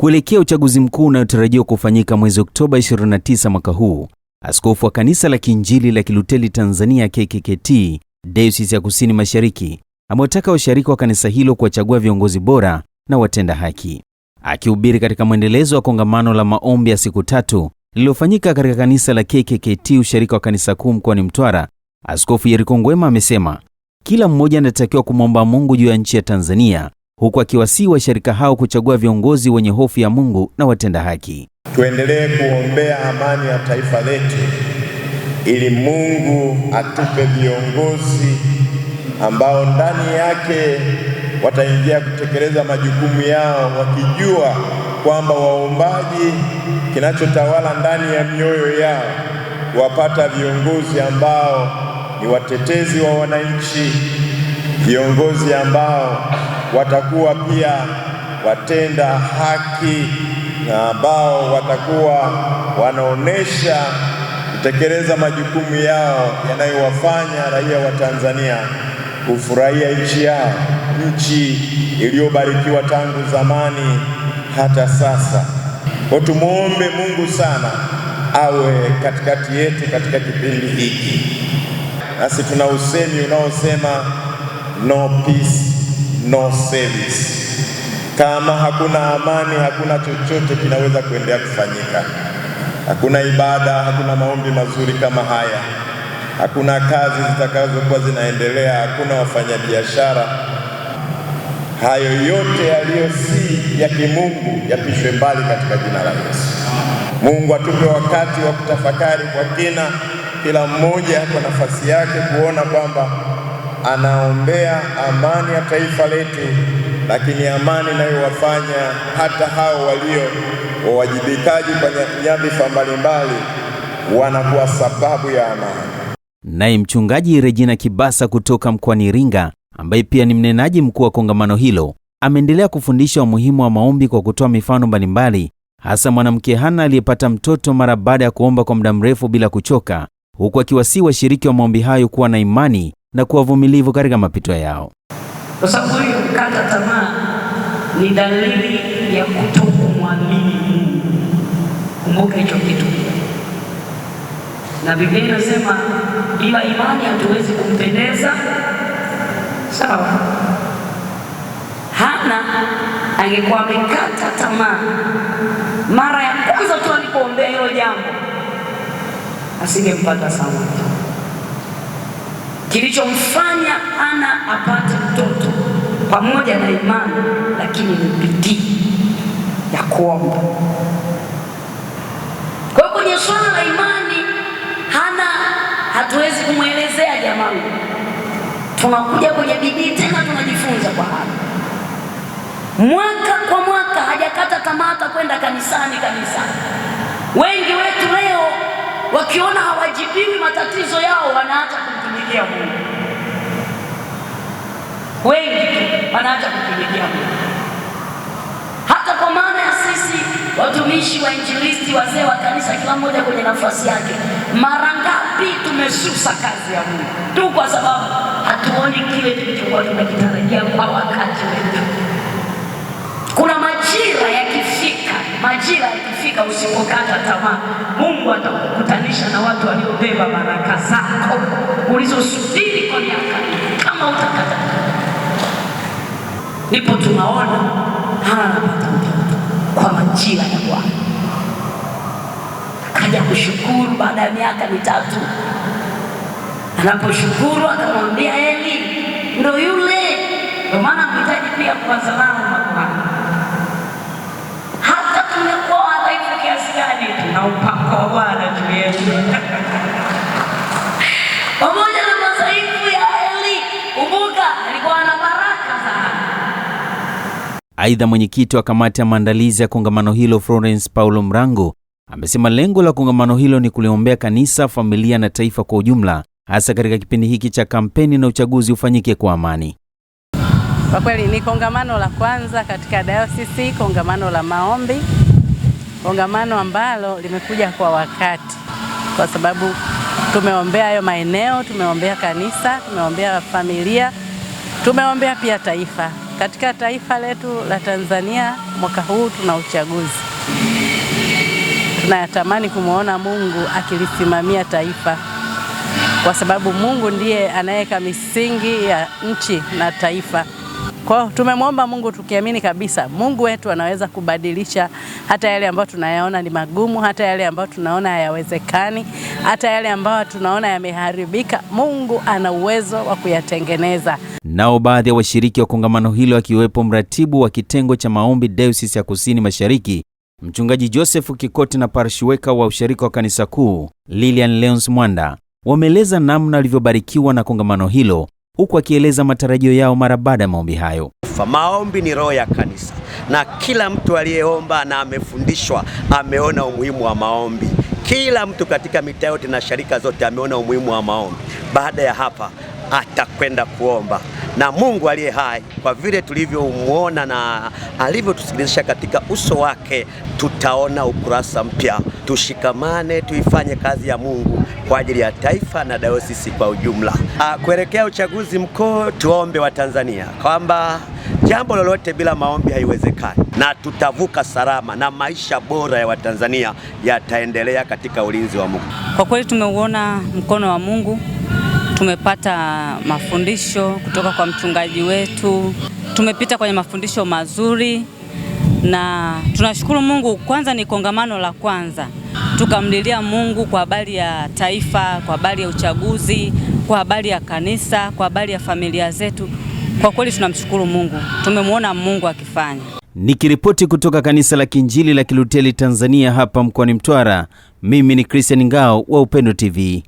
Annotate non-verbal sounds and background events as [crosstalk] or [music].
Kuelekea uchaguzi mkuu unayotarajiwa kufanyika mwezi Oktoba 29 mwaka huu, askofu wa kanisa la Kiinjili la Kiluteli Tanzania KKKT Dayosisi ya Kusini Mashariki amewataka washiriki wa kanisa hilo kuwachagua viongozi bora na watenda haki. Akihubiri katika mwendelezo wa kongamano la maombi ya siku tatu lililofanyika katika kanisa la KKKT ushirika wa kanisa kuu mkoani Mtwara, Askofu Yeriko Ngwema amesema kila mmoja anatakiwa kumwomba Mungu juu ya nchi ya Tanzania huku akiwasii washirika hao kuchagua viongozi wenye hofu ya Mungu na watenda haki. Tuendelee kuombea amani ya taifa letu ili Mungu atupe viongozi ambao ndani yake wataingia kutekeleza majukumu yao wakijua kwamba waombaji, kinachotawala ndani ya mioyo yao, wapata viongozi ambao ni watetezi wa wananchi, viongozi ambao watakuwa pia watenda haki na ambao watakuwa wanaonesha kutekeleza majukumu yao yanayowafanya raia wa Tanzania kufurahia nchi yao, nchi iliyobarikiwa tangu zamani hata sasa. Kwa tumuombe Mungu sana awe katikati yetu katika kipindi hiki. Nasi tuna usemi unaosema no peace no service. Kama hakuna amani, hakuna chochote kinaweza kuendelea kufanyika. Hakuna ibada, hakuna maombi mazuri kama haya, hakuna kazi zitakazokuwa zinaendelea, hakuna wafanyabiashara. Hayo yote yaliyo si ya kimungu yapishwe mbali katika jina la Yesu. Mungu atupe wakati wa kutafakari kwa kina, kila mmoja kwa nafasi yake, kuona kwamba anaombea amani ya taifa letu, lakini amani inayowafanya hata hao walio wawajibikaji kwa nyadhifa mbalimbali wanakuwa sababu ya amani. Naye Mchungaji Regina Kibasa kutoka mkoani Iringa, ambaye pia ni mnenaji mkuu wa kongamano hilo, ameendelea kufundisha umuhimu wa maombi kwa kutoa mifano mbalimbali, hasa mwanamke Hana aliyepata mtoto mara baada ya kuomba kwa muda mrefu bila kuchoka, huku akiwasii washiriki wa maombi hayo kuwa na imani na kuwa vumilivu katika mapito yao. Kwa sababu hiyo kukata tamaa ni dalili ya kutokumwamini Mungu. Kumbuka hicho kitu, na Biblia inasema bila imani hatuwezi kumpendeza. Sawa, Hana angekuwa amekata tamaa mara ya kwanza tu alipoombea hilo jambo, asingempata Samweli. Kilichomfanya ana apate mtoto pamoja na imani, lakini ni bidii ya kuomba. Kwa hiyo kwenye swala la imani, Hana hatuwezi kumwelezea jamani, tunakuja kwenye bidii tena, tunajifunza kwa Hana mwaka kwa mwaka, hajakata tamata kwenda kanisani kanisani. Wengi wetu leo wakiona hawajibiwi matatizo yao wanaacha kumkimbilia Mungu. Wengi tu wanaacha kumkimbilia Mungu, hata kwa maana ya sisi watumishi wa injilisti, wazee wa kanisa, kila mmoja kwenye nafasi yake. Mara ngapi tumesusa kazi ya Mungu tu kwa sababu hatuoni kile tulichokuwa tunakitarajia kwa wakati wetu. Majira ikifika, usipokata tamaa, Mungu atakukutanisha na watu waliobeba baraka zako ulizosubiri kwa miaka, kama utakata. Ndipo tunaona Hana anapata mtoto kwa majira ya Bwana, akaja kushukuru baada ya miaka mitatu. Anaposhukuru akamwambia Eli, ndo yule. Ndio maana kuhitaji pia kuwazalana na Bwana na upako wa Bwana juu yetu [laughs] pamoja na madhaifu ya Eli. Kumbuka alikuwa na baraka sana. Aidha, mwenyekiti wa kamati ya maandalizi ya kongamano hilo Florence Paulo Mrango amesema lengo la kongamano hilo ni kuliombea kanisa, familia na taifa kwa ujumla, hasa katika kipindi hiki cha kampeni na uchaguzi ufanyike kwa amani. Kwa kweli ni kongamano la kwanza katika dayosisi, kongamano la maombi kongamano ambalo limekuja kwa wakati, kwa sababu tumeombea hayo maeneo, tumeombea kanisa, tumeombea familia, tumeombea pia taifa. Katika taifa letu la Tanzania mwaka huu tuna uchaguzi, tunayatamani kumwona Mungu akilisimamia taifa, kwa sababu Mungu ndiye anayeweka misingi ya nchi na taifa. Kwa hiyo tumemwomba Mungu tukiamini kabisa Mungu wetu anaweza kubadilisha hata yale ambayo tunayaona ni magumu, hata yale ambayo tunaona hayawezekani, hata yale ambayo tunaona yameharibika, Mungu ana uwezo wa kuyatengeneza. Nao baadhi ya washiriki wa kongamano hilo akiwepo mratibu wa kitengo cha maombi Dayosisi ya Kusini Mashariki Mchungaji Joseph Kikoti na parishweka wa ushirika wa kanisa kuu Lilian Leons Mwanda wameeleza namna walivyobarikiwa na kongamano hilo huku akieleza matarajio yao mara baada ya maombi hayo. Maombi ni roho ya kanisa, na kila mtu aliyeomba na amefundishwa ameona umuhimu wa maombi. Kila mtu katika mitaa yote na sharika zote ameona umuhimu wa maombi. Baada ya hapa atakwenda kuomba na Mungu aliye hai, kwa vile tulivyomwona na alivyotusikilizisha katika uso wake, tutaona ukurasa mpya tushikamane, tuifanye kazi ya Mungu kwa ajili ya taifa na dayosisi kwa ujumla. Ah, kuelekea uchaguzi mkuu, tuombe Watanzania kwamba jambo lolote bila maombi haiwezekani, na tutavuka salama na maisha bora ya Watanzania yataendelea katika ulinzi wa Mungu. Kwa kweli tumeuona mkono wa Mungu, tumepata mafundisho kutoka kwa mchungaji wetu, tumepita kwenye mafundisho mazuri na tunashukuru Mungu. Kwanza ni kongamano la kwanza Tukamlilia Mungu kwa habari ya taifa, kwa habari ya uchaguzi, kwa habari ya kanisa, kwa habari ya familia zetu. Kwa kweli tunamshukuru Mungu, tumemwona Mungu akifanya. Nikiripoti kutoka kanisa la Kiinjili la Kiluteli Tanzania hapa mkoani Mtwara, mimi ni Christian Ngao wa Upendo TV.